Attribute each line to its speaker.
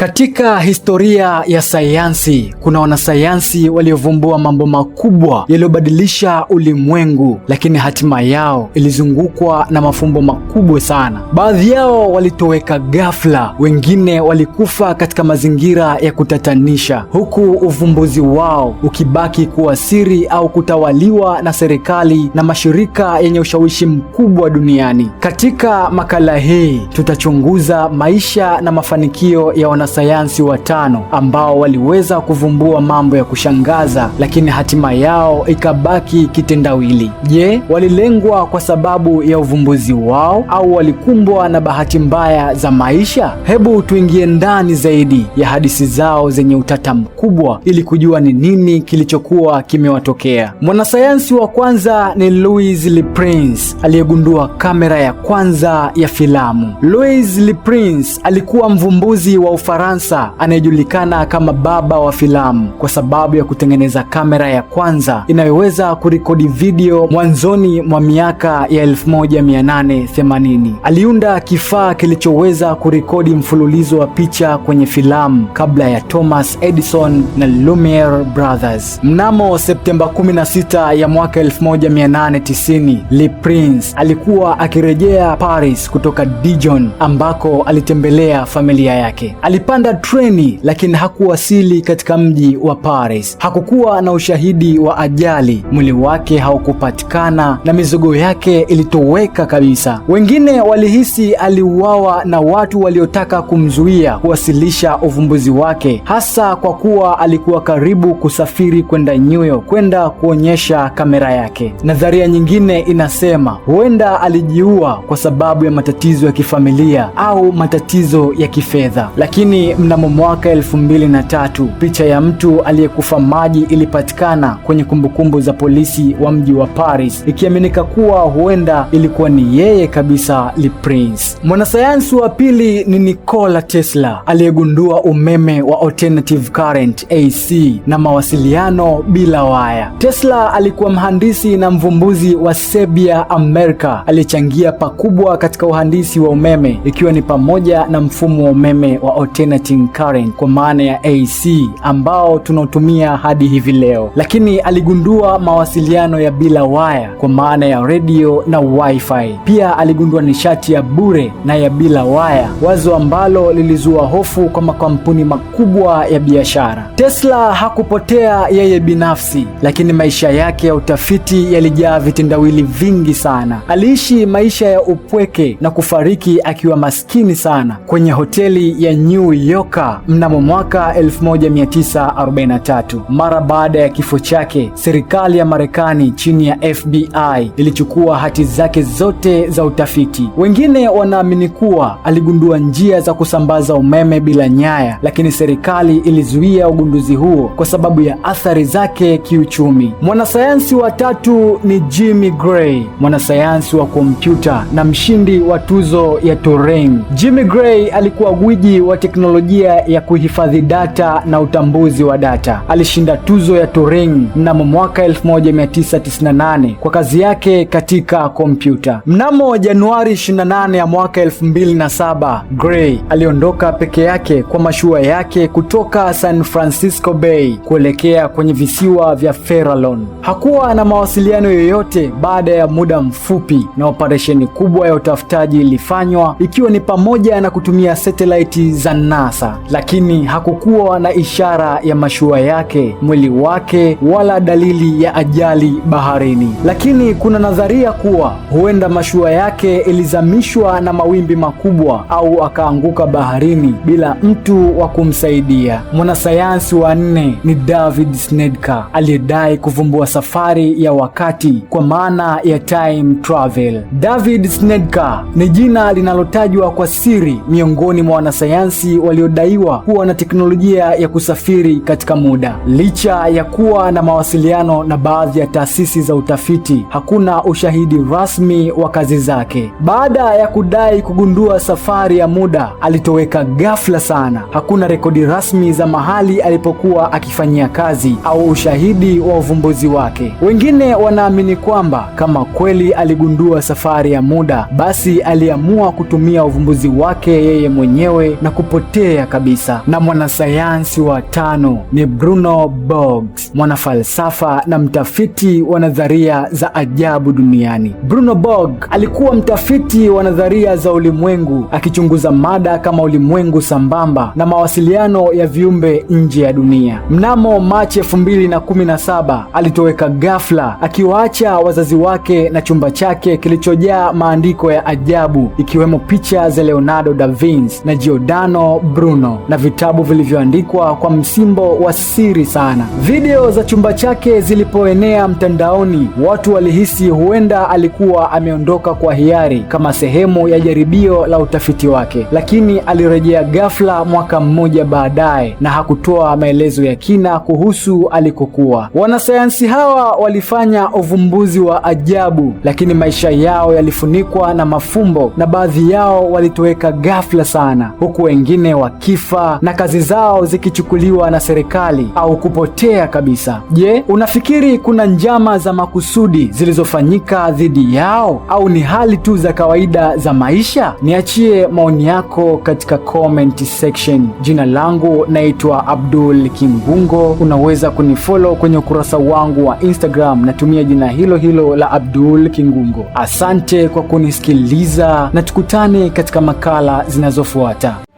Speaker 1: Katika historia ya sayansi kuna wanasayansi waliovumbua mambo makubwa yaliyobadilisha ulimwengu, lakini hatima yao ilizungukwa na mafumbo makubwa sana. Baadhi yao walitoweka ghafla, wengine walikufa katika mazingira ya kutatanisha, huku uvumbuzi wao ukibaki kuwa siri au kutawaliwa na serikali na mashirika yenye ushawishi mkubwa duniani. Katika makala hii tutachunguza maisha na mafanikio ya wana wanasayansi watano ambao waliweza kuvumbua mambo ya kushangaza, lakini hatima yao ikabaki kitendawili. Je, walilengwa kwa sababu ya uvumbuzi wao au walikumbwa na bahati mbaya za maisha? Hebu tuingie ndani zaidi ya hadithi zao zenye utata mkubwa ili kujua ni nini kilichokuwa kimewatokea. Mwanasayansi wa kwanza ni Louis Le Prince aliyegundua kamera ya kwanza ya filamu. Louis Le Prince alikuwa mvumbuzi wa Ufaransa Mfaransa anayejulikana kama baba wa filamu kwa sababu ya kutengeneza kamera ya kwanza inayoweza kurekodi video mwanzoni mwa miaka ya 1880. Aliunda kifaa kilichoweza kurekodi mfululizo wa picha kwenye filamu kabla ya Thomas Edison na Lumiere Brothers. Mnamo Septemba 16 ya mwaka 1890, Le Prince alikuwa akirejea Paris kutoka Dijon ambako alitembelea familia yake. Alipa alipanda treni lakini hakuwasili katika mji wa Paris. Hakukuwa na ushahidi wa ajali, mwili wake haukupatikana na mizigo yake ilitoweka kabisa. Wengine walihisi aliuawa na watu waliotaka kumzuia kuwasilisha uvumbuzi wake, hasa kwa kuwa alikuwa karibu kusafiri kwenda New York kwenda kuonyesha kamera yake. Nadharia nyingine inasema huenda alijiua kwa sababu ya matatizo ya kifamilia au matatizo ya kifedha, lakini ni mnamo mwaka elfu mbili na tatu picha ya mtu aliyekufa maji ilipatikana kwenye kumbukumbu za polisi wa mji wa Paris, ikiaminika kuwa huenda ilikuwa ni yeye kabisa, Le Prince. Mwanasayansi wa pili ni Nikola Tesla aliyegundua umeme wa alternative current AC na mawasiliano bila waya. Tesla alikuwa mhandisi na mvumbuzi wa Serbia America aliyechangia pakubwa katika uhandisi wa umeme ikiwa ni pamoja na mfumo wa umeme wa alternative alternating current kwa maana ya AC ambao tunaotumia hadi hivi leo, lakini aligundua mawasiliano ya bila waya kwa maana ya radio na wifi. Pia aligundua nishati ya bure na ya bila waya, wazo ambalo lilizua hofu kwa makampuni makubwa ya biashara. Tesla hakupotea yeye binafsi, lakini maisha yake ya utafiti yalijaa vitendawili vingi sana. Aliishi maisha ya upweke na kufariki akiwa maskini sana kwenye hoteli ya New yoka mnamo mwaka 1943. Mara baada ya kifo chake, serikali ya Marekani chini ya FBI ilichukua hati zake zote za utafiti. Wengine wanaamini kuwa aligundua njia za kusambaza umeme bila nyaya, lakini serikali ilizuia ugunduzi huo kwa sababu ya athari zake kiuchumi. Mwanasayansi wa tatu ni Jimmy Gray, mwanasayansi wa kompyuta na mshindi wa tuzo ya Turing. Jimmy Gray alikuwa gwiji wa teknolojia teknolojia ya kuhifadhi data na utambuzi wa data. Alishinda tuzo ya Turing mnamo mwaka 1998 kwa kazi yake katika kompyuta. Mnamo Januari 28 ya mwaka 2007, Gray aliondoka peke yake kwa mashua yake kutoka San Francisco Bay kuelekea kwenye visiwa vya Farallon. Hakuwa na mawasiliano yoyote baada ya muda mfupi, na operesheni kubwa ya utafutaji ilifanywa ikiwa ni pamoja na kutumia satellite za anasa, lakini hakukuwa na ishara ya mashua yake, mwili wake, wala dalili ya ajali baharini. Lakini kuna nadharia kuwa huenda mashua yake ilizamishwa na mawimbi makubwa au akaanguka baharini bila mtu wa kumsaidia. Mwanasayansi wa nne ni David Snedka aliyedai kuvumbua safari ya wakati kwa maana ya time travel. David Snedka ni jina linalotajwa kwa siri miongoni mwa wanasayansi waliodaiwa kuwa na teknolojia ya kusafiri katika muda. Licha ya kuwa na mawasiliano na baadhi ya taasisi za utafiti, hakuna ushahidi rasmi wa kazi zake. Baada ya kudai kugundua safari ya muda, alitoweka ghafla sana. Hakuna rekodi rasmi za mahali alipokuwa akifanyia kazi au ushahidi wa uvumbuzi wake. Wengine wanaamini kwamba kama kweli aligundua safari ya muda, basi aliamua kutumia uvumbuzi wake yeye mwenyewe na kupotea kupotea kabisa. Na mwanasayansi wa tano ni Bruno Boggs, mwanafalsafa na mtafiti wa nadharia za ajabu duniani. Bruno bog alikuwa mtafiti wa nadharia za ulimwengu, akichunguza mada kama ulimwengu sambamba na mawasiliano ya viumbe nje ya dunia. Mnamo Machi saba alitoweka ghafla, akiwaacha wazazi wake na chumba chake kilichojaa maandiko ya ajabu, ikiwemo picha za Leonardo da Vinci na Giordano Bruno na vitabu vilivyoandikwa kwa msimbo wa siri sana. Video za chumba chake zilipoenea mtandaoni, watu walihisi huenda alikuwa ameondoka kwa hiari kama sehemu ya jaribio la utafiti wake, lakini alirejea ghafla mwaka mmoja baadaye na hakutoa maelezo ya kina kuhusu alikokuwa. Wanasayansi hawa walifanya uvumbuzi wa ajabu, lakini maisha yao yalifunikwa na mafumbo na baadhi yao walitoweka ghafla sana, huku wengine wengine wakifa na kazi zao zikichukuliwa na serikali au kupotea kabisa. Je, unafikiri kuna njama za makusudi zilizofanyika dhidi yao au ni hali tu za kawaida za maisha? Niachie maoni yako katika comment section. Jina langu naitwa Abdul Kimbungo. Unaweza kunifollow kwenye ukurasa wangu wa Instagram, natumia jina hilo hilo la Abdul Kingungo. Asante kwa kunisikiliza na tukutane katika makala zinazofuata.